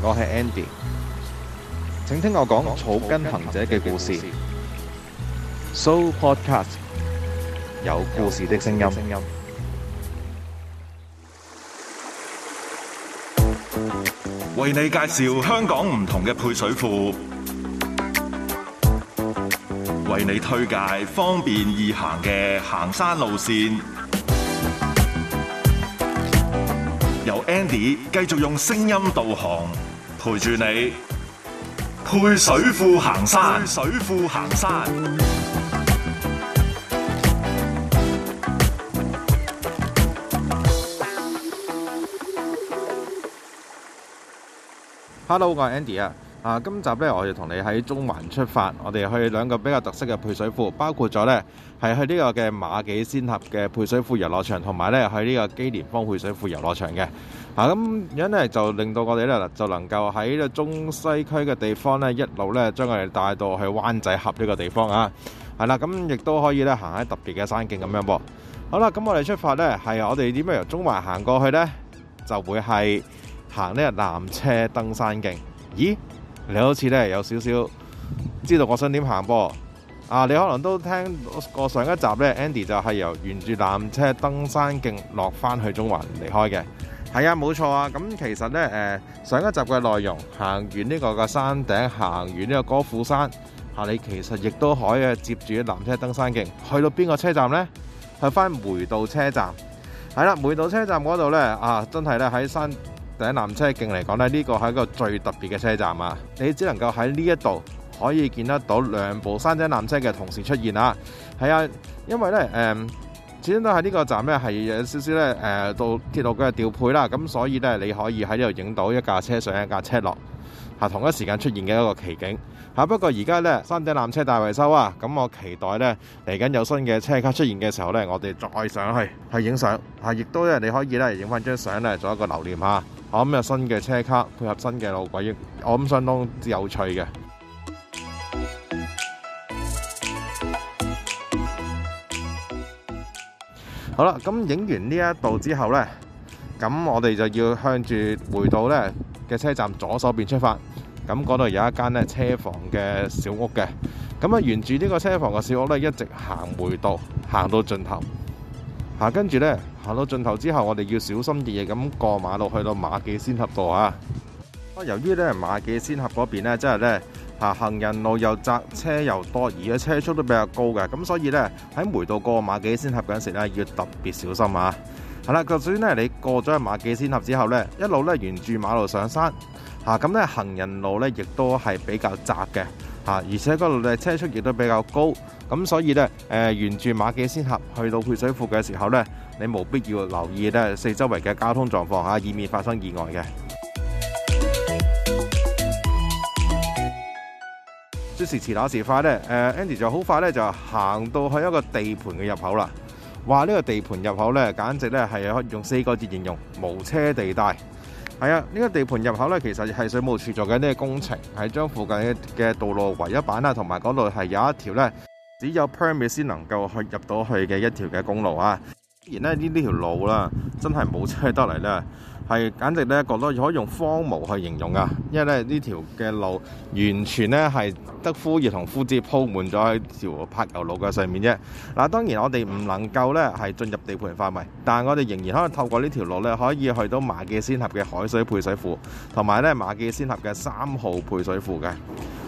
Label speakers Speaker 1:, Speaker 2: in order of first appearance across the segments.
Speaker 1: 我係 Andy，請聽我講草根行者嘅故事。So Podcast 有故事的聲音，聲音為你介紹香港唔同嘅配水庫，為你推介方便易行嘅行山路線。由 Andy 繼續用聲音導航。陪住你，去水庫行山。去水庫行山。Hello，我係 Andy 啊。啊，今集咧，我哋同你喺中環出發，我哋去兩個比較特色嘅配水庫，包括咗呢係去呢個嘅馬己仙峽嘅配水庫遊樂場，同埋呢去呢個基廉方配水庫遊樂場嘅。啊，咁樣呢，就令到我哋呢，就能夠喺呢個中西區嘅地方呢，一路呢將我哋帶到去灣仔峽呢個地方啊，係啦，咁亦都可以呢行喺特別嘅山徑咁樣喎，啊。好啦，咁我哋出發呢，係我哋點樣由中環行過去呢？就會係行呢個纜車登山徑。咦？你好似咧有少少知道我想點行噃，啊！你可能都聽過上一集咧 Andy 就係由沿住纜車登山徑落翻去中環離開嘅。係啊，冇錯啊。咁其實咧誒，上一集嘅內容行完呢個山頂，行完呢個歌賦山，你其實亦都可以接住啲纜車登山徑去到邊個車站咧？去翻梅道車站。係啦，梅道車站嗰度咧啊，真係咧喺山。第一纜車徑嚟講咧，呢、這個係一個最特別嘅車站啊！你只能夠喺呢一度可以見得到兩部山頂纜車嘅同時出現啦。係啊，因為咧，誒、呃、始終都喺呢個站咧係有少少咧，誒、呃、到鐵路嘅調配啦，咁所以咧你可以喺呢度影到一架車上一架車落。同一時間出現嘅一個奇景嚇，不過而家呢，山頂纜車大維修啊，咁我期待呢嚟緊有新嘅車卡出現嘅時候呢，我哋再上去去影相，係亦都呢，你可以呢，影翻張相呢，做一個留念嚇。我諗有新嘅車卡配合新嘅路軌，我諗相當之有趣嘅。好啦，咁影完呢一度之後呢，咁我哋就要向住回到呢嘅車站左手邊出發。咁嗰度有一間咧車房嘅小屋嘅，咁啊沿住呢個車房嘅小屋咧，一直行梅道，行到盡頭呢。跟住咧行到盡頭之後，我哋要小心啲咁過馬路去到馬記仙峽道啊。啊，由於咧馬記仙峽嗰邊咧，即係咧行人路又窄，車又多，而家車速都比較高嘅，咁所以咧喺梅道過馬記仙峽嗰陣時咧，要特別小心啊。係啦，就算呢，咧，你過咗馬記仙峽之後咧，一路咧沿住馬路上山。啊，咁咧行人路咧亦都係比較窄嘅，啊，而且嗰度嘅車速亦都比較高，咁所以咧，誒沿住馬己仙峽去到配水庫嘅時候咧，你冇必要留意咧四周圍嘅交通狀況嚇，以免發生意外嘅。即 是樂時打時快咧，誒 Andy 就好快咧就行到去一個地盤嘅入口啦。話呢個地盤入口咧，簡直咧係可以用四個字形容，無車地帶。係啊，呢、這個地盤入口咧，其實係水務署做緊呢個工程，係將附近嘅道路圍一板啊。同埋嗰度係有一條咧，只有 permit 先能夠去入到去嘅一條嘅公路啊。然呢呢條路啦，真係冇車得嚟咧。係簡直咧覺得可以用荒蕪去形容㗎，因為咧呢條嘅路完全咧係得枯葉同枯枝鋪滿咗喺條柏油路嘅上面啫。嗱，當然我哋唔能夠咧係進入地盤範圍，但我哋仍然可能透過呢條路咧可以去到馬記仙峽嘅海水配水庫同埋咧馬記仙峽嘅三號配水庫嘅。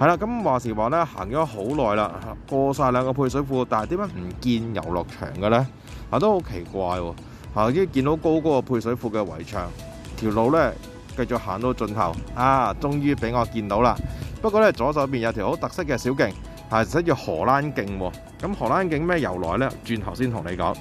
Speaker 1: 係啦，咁話時話咧行咗好耐啦，過晒兩個配水庫，但係點解唔見遊樂場嘅咧？啊，都好奇怪喎！啊！見到高高嘅配水庫嘅圍牆，條路咧繼續行到盡頭，啊，終於俾我見到啦！不過咧，左手邊有條好特色嘅小徑，係實叫荷蘭徑。咁、啊、荷蘭徑咩由來咧？轉頭先同你講。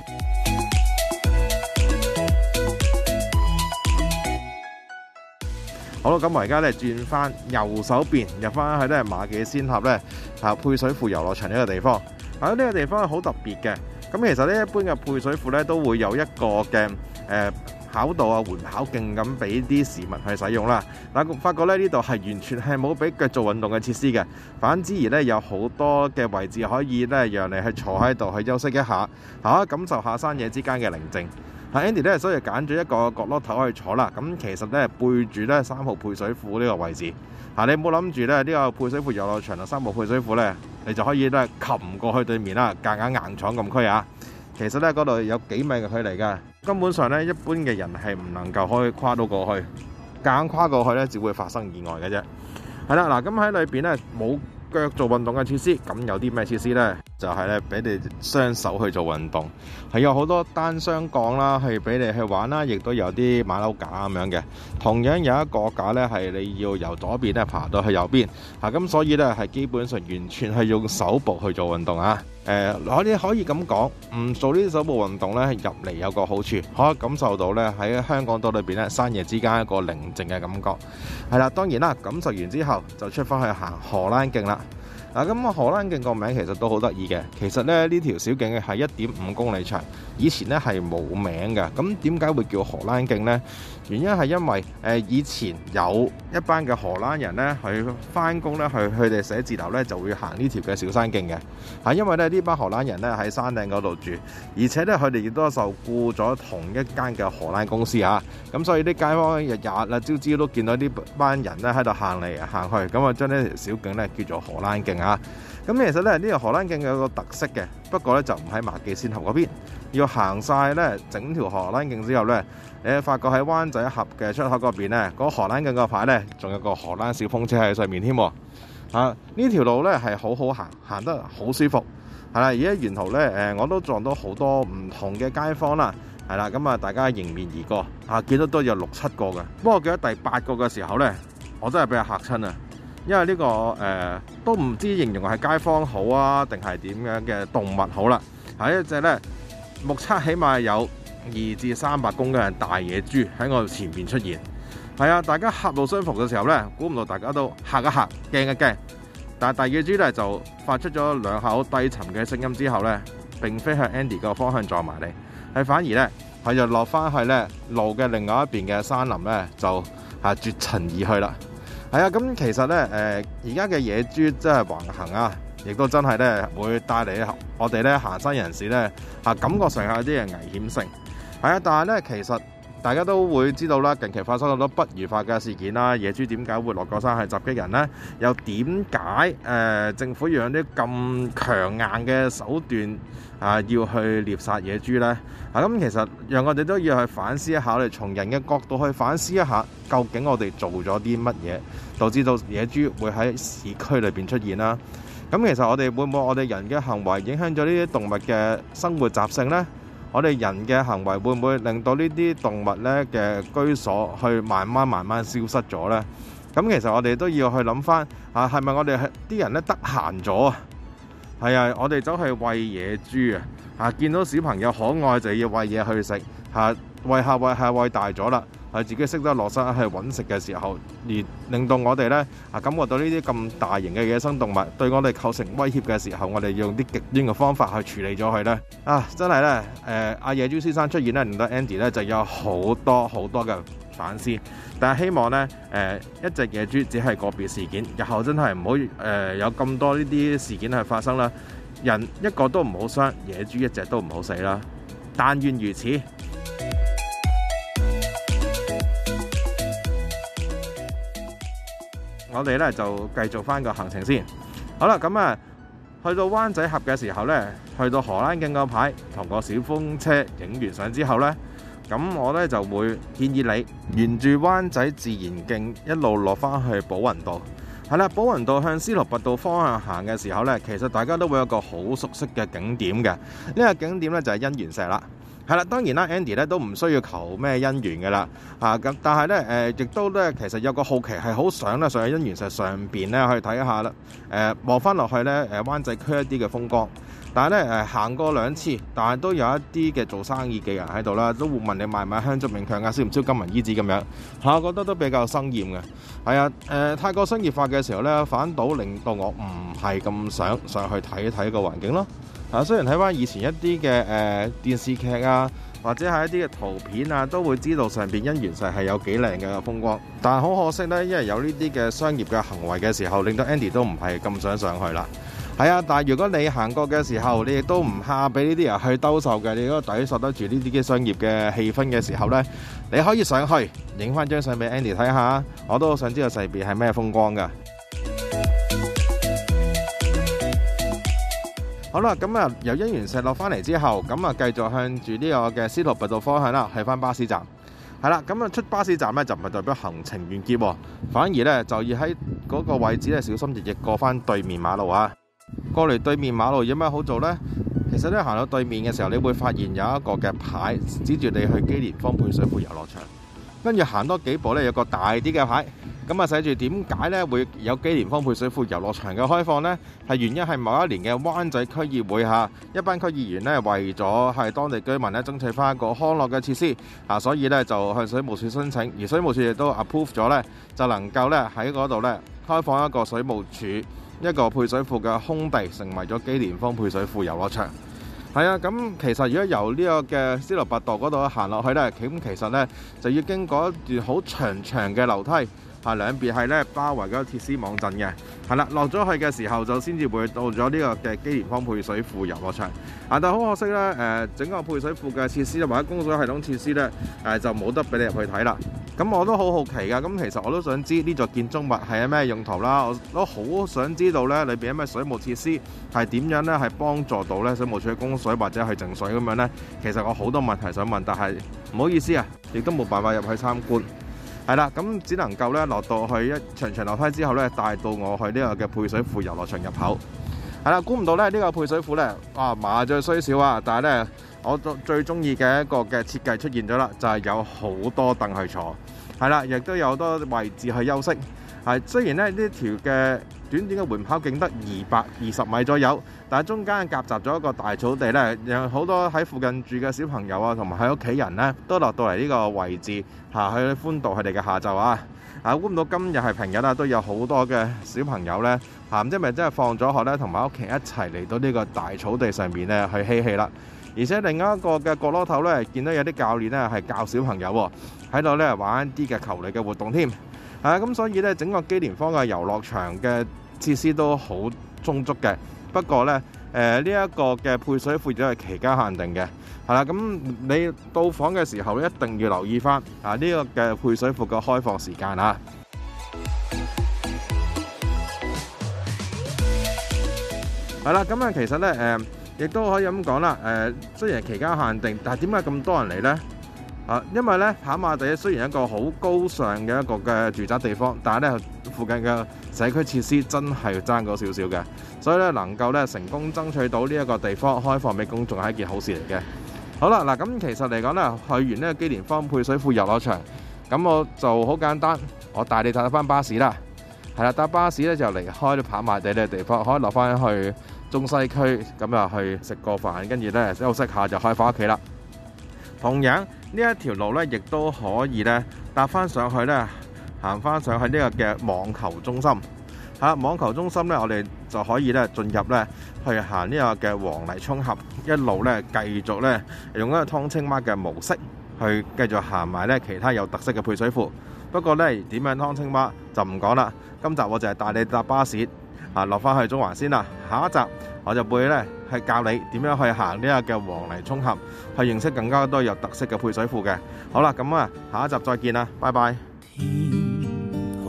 Speaker 1: 好啦，咁、啊、我而家咧轉翻右手邊，入翻去咧馬記仙峽咧，配、啊、水庫遊樂場呢個地方。啊、呢、這個地方係好特別嘅。咁其實呢，一般嘅配水庫呢都會有一個嘅誒跑道啊，緩跑徑咁俾啲市民去使用啦。嗱，發覺呢呢度係完全係冇俾腳做運動嘅設施嘅，反之而呢有好多嘅位置可以呢讓你去坐喺度去休息一下，嚇感受下山野之間嘅寧靜。啊 Andy 咧，所以揀咗一個角落頭去坐啦。咁其實咧背住咧三號配水庫呢個位置。啊，你冇諗住咧呢個配水庫遊樂場同三號配水庫咧，你就可以咧擒過去對面啦。夾硬硬闖禁區啊！其實咧嗰度有幾米嘅距離嘅，根本上咧一般嘅人係唔能夠可以跨到過去。夾硬跨過去咧，只會發生意外嘅啫。係啦，嗱咁喺裏邊咧冇腳做運動嘅設施，咁有啲咩設施咧？就係咧，俾你雙手去做運動，係有好多單雙槓啦，係俾你去玩啦，亦都有啲馬騮架咁樣嘅。同樣有一個架呢，係你要由左邊咧爬到去右邊，嚇咁所以呢，係基本上完全係用手部去做運動啊。誒，可以可以咁講，唔做呢啲手部運動呢，入嚟有個好處，可以感受到呢，喺香港島裏邊呢，山野之間一個寧靜嘅感覺。係啦，當然啦，感受完之後就出返去行荷蘭徑啦。嗱，咁啊，荷蘭徑個名其實都好得意嘅。其實咧，呢條小徑嘅係一點五公里長，以前咧係冇名嘅。咁點解會叫荷蘭徑呢？原因係因為誒以前有一班嘅荷蘭人咧，佢翻工咧，佢佢哋寫字樓咧就會行呢條嘅小山徑嘅。嚇，因為咧呢班荷蘭人咧喺山頂嗰度住，而且咧佢哋亦都受雇咗同一間嘅荷蘭公司啊。咁所以啲街坊日日啊朝朝都見到呢班人咧喺度行嚟行去，咁啊將呢條小徑咧叫做荷蘭徑。啊，咁其實咧呢個荷蘭徑有個特色嘅，不過咧就唔喺麻記線後嗰邊，要行晒咧整條荷蘭徑之後咧，你發覺喺灣仔峽嘅出口嗰邊咧，嗰個荷蘭徑個牌咧仲有個荷蘭小風車喺上面添喎。啊，呢條路咧係好好行，行得好舒服。係啦，而家沿途咧誒，我都撞到好多唔同嘅街坊啦。係啦，咁啊，大家迎面而過，啊，見到都有六七個嘅，不過記得第八個嘅時候咧，我真係俾人嚇親啊！因為呢、這個誒、呃、都唔知形容係街坊好啊，定係點樣嘅動物好啦。係一隻咧，目測起碼有二至三百公斤嘅大野豬喺我前面出現。係啊，大家狹路相逢嘅時候咧，估唔到大家都嚇一嚇，驚一驚。驚一驚，但係大野豬咧就發出咗兩口低沉嘅聲音之後咧，並非向 Andy 個方向撞埋嚟，係反而咧佢就落翻去咧路嘅另外一邊嘅山林咧，就啊絕塵而去啦。係啊，咁其實咧，誒而家嘅野豬真係橫行啊，亦都真係咧會帶嚟我哋咧行山人士咧嚇感覺上有啲嘅危險性。係啊，但係咧其實。大家都會知道啦，近期發生咁多不愉快嘅事件啦。野豬點解會落個山去襲擊人呢？又點解誒政府用啲咁強硬嘅手段啊，要去獵殺野豬呢？啊，咁其實讓我哋都要去反思一下，我哋從人嘅角度去反思一下，究竟我哋做咗啲乜嘢，導致到野豬會喺市區裏邊出現啦。咁其實我哋會唔會我哋人嘅行為影響咗呢啲動物嘅生活習性呢？我哋人嘅行為會唔會令到呢啲動物呢嘅居所去慢慢慢慢消失咗呢？咁其實我哋都要去諗翻，啊係咪我哋啲人呢得閒咗啊？係啊，我哋走去餵野豬啊！啊見到小朋友可愛就要餵嘢去食，嚇餵下餵下餵，餵，餵大咗啦～佢自己識得落山去揾食嘅時候，而令到我哋呢啊感覺到呢啲咁大型嘅野生動物對我哋構成威脅嘅時候，我哋用啲極端嘅方法去處理咗佢呢啊！真係呢，誒，阿野豬先生出現呢，令到 Andy 呢就有好多好多嘅反思。但係希望呢，誒一隻野豬只係個別事件，日後真係唔好誒有咁多呢啲事件去發生啦。人一個都唔好傷，野豬一隻都唔好死啦。但願如此。我哋咧就繼續翻個行程先。好啦，咁啊，去到灣仔峽嘅時候呢，去到荷蘭徑個牌同個小風車影完相之後呢，咁我呢就會建議你沿住灣仔自然徑一路落返去寶雲道。係啦，寶雲道向司徒拔道方向行嘅時候呢，其實大家都會有一個好熟悉嘅景點嘅。呢、這個景點呢，就係姻緣石啦。係啦，當然啦，Andy 咧都唔需要求咩姻緣嘅啦嚇咁，但係咧誒，亦都咧其實有個好奇係好想咧上去姻緣石上邊咧去睇一下啦。誒望翻落去咧誒灣仔區一啲嘅風光，但係咧誒行過兩次，但係都有一啲嘅做生意嘅人喺度啦，都會問你買唔買香燭冥鏹啊，燒唔燒金文衣紙咁樣，啊，我覺得都比較生厭嘅。係啊，誒太過商業化嘅時候咧，反倒令到我唔係咁想上去睇一睇個環境咯。啊，雖然睇翻以前一啲嘅誒電視劇啊，或者係一啲嘅圖片啊，都會知道上邊姻緣石係有幾靚嘅風光，但係好可惜呢，因為有呢啲嘅商業嘅行為嘅時候，令到 Andy 都唔係咁想上去啦。係啊，但係如果你行過嘅時候，你亦都唔怕俾呢啲人去兜售嘅，你嗰個抵受得住呢啲嘅商業嘅氣氛嘅時候呢，你可以上去影翻張相俾 Andy 睇下，我都好想知道細邊係咩風光㗎。好啦，咁啊由姻緣石落翻嚟之後，咁啊繼續向住呢個嘅司徒拔道方向啦，去翻巴士站。係啦，咁啊出巴士站咧就唔係代表行程完結，反而咧就要喺嗰個位置咧小心翼翼過翻對面馬路啊。過嚟對面馬路有咩好做呢？其實咧行到對面嘅時候，你會發現有一個嘅牌指住你去基連方配水庫遊樂場，跟住行多幾步咧有個大啲嘅牌。咁啊，寫住點解呢會有基廉方配水庫遊樂場嘅開放呢？係原因係某一年嘅灣仔區議會下一班區議員呢為咗係當地居民呢爭取翻一個康樂嘅設施啊，所以呢就向水務署申請，而水務署亦都 approve 咗呢，就能夠呢喺嗰度呢開放一個水務署，一個配水庫嘅空地，成為咗基廉方配水庫遊樂場。係啊，咁其實如果由呢個嘅斯諾拔道嗰度行落去呢，咁其實呢就要經過一段好長長嘅樓梯。係兩邊係咧，包圍咗個鐵絲網陣嘅，係啦。落咗去嘅時候就先至會到咗呢個嘅基連坊配水庫遊樂場。啊，但好可惜咧，誒整個配水庫嘅設施或者供水系統設施咧，誒就冇得俾你入去睇啦。咁我都好好奇噶，咁其實我都想知呢座建築物係有咩用途啦。我都好想知道咧，裏邊有咩水務設施係點樣咧，係幫助到咧水務處嘅供水或者係淨水咁樣咧。其實我好多問題想問，但係唔好意思啊，亦都冇辦法入去參觀。係啦，咁只能夠咧落到去一長長樓梯之後咧，帶到我去呢個嘅配水庫遊樂場入口。係啦，估唔到咧呢、這個配水庫咧，啊麻雀雖少啊，但係咧我最鍾中意嘅一個嘅設計出現咗啦，就係、是、有好多凳去坐。係啦，亦都有好多位置去休息。啊，雖然咧呢條嘅。短短嘅緩跑徑得二百二十米左右，但係中間夾雜咗一個大草地咧，有好多喺附近住嘅小朋友啊，同埋喺屋企人咧，都落到嚟呢個位置去他們的下去歡度佢哋嘅下晝啊！啊，估唔到今日係平日啦，都有好多嘅小朋友咧，吓唔知係咪真係放咗學咧，同埋屋企人一齊嚟到呢個大草地上面咧去嬉戲啦！而且另一個嘅角落頭咧，見到有啲教練咧係教小朋友喺度咧玩啲嘅球類嘅活動添。啊，咁所以咧，整個機連方嘅遊樂場嘅。設施都好充足嘅，不過呢，誒呢一個嘅配水庫只係期間限定嘅，係啦。咁你到訪嘅時候一定要留意翻啊呢、呢個嘅配水庫嘅開放時間啊。係啦、嗯，咁、嗯、啊、嗯嗯，其實呢，誒亦都可以咁講啦，誒、呃、雖然期間限定，但係點解咁多人嚟呢、啊？因為呢，跑馬地雖然一個好高尚嘅一個嘅住宅地方，但係呢附近嘅，社區設施真係要爭到少少嘅，所以咧能夠咧成功爭取到呢一個地方開放俾公眾係一件好事嚟嘅。好啦，嗱咁其實嚟講咧，去完呢基連方配水庫遊樂場，咁我就好簡單，我帶你搭翻巴士啦。係啦，搭巴士咧就離開啲跑馬地呢個地方，可以落翻去中西區，咁啊去食個飯，跟住咧休息下就開翻屋企啦。同樣呢一條路咧，亦都可以咧搭翻上去咧。行翻上去呢個嘅網球中心吓，網球中心呢，我哋就可以呢進入呢去行呢個嘅黃泥涌峽，一路呢，繼續呢用一個湯青蛙嘅模式去繼續行埋呢其他有特色嘅配水庫。不過呢，點樣湯青蛙就唔講啦。今集我就係帶你搭巴士吓落翻去中環先啦。下一集我就會呢去教你點樣去行呢個嘅黃泥涌峽，去認識更加多有特色嘅配水庫嘅。好啦，咁啊下一集再見啦，拜拜。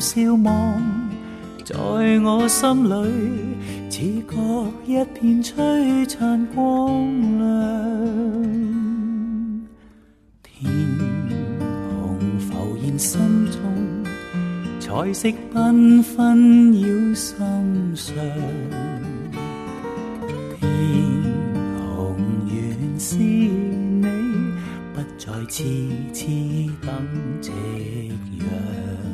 Speaker 1: 笑望，在我心裡，似覺一片璀璨光亮。天空浮現心中，彩色繽紛繞心上。天空原是你，不再癡癡等夕陽。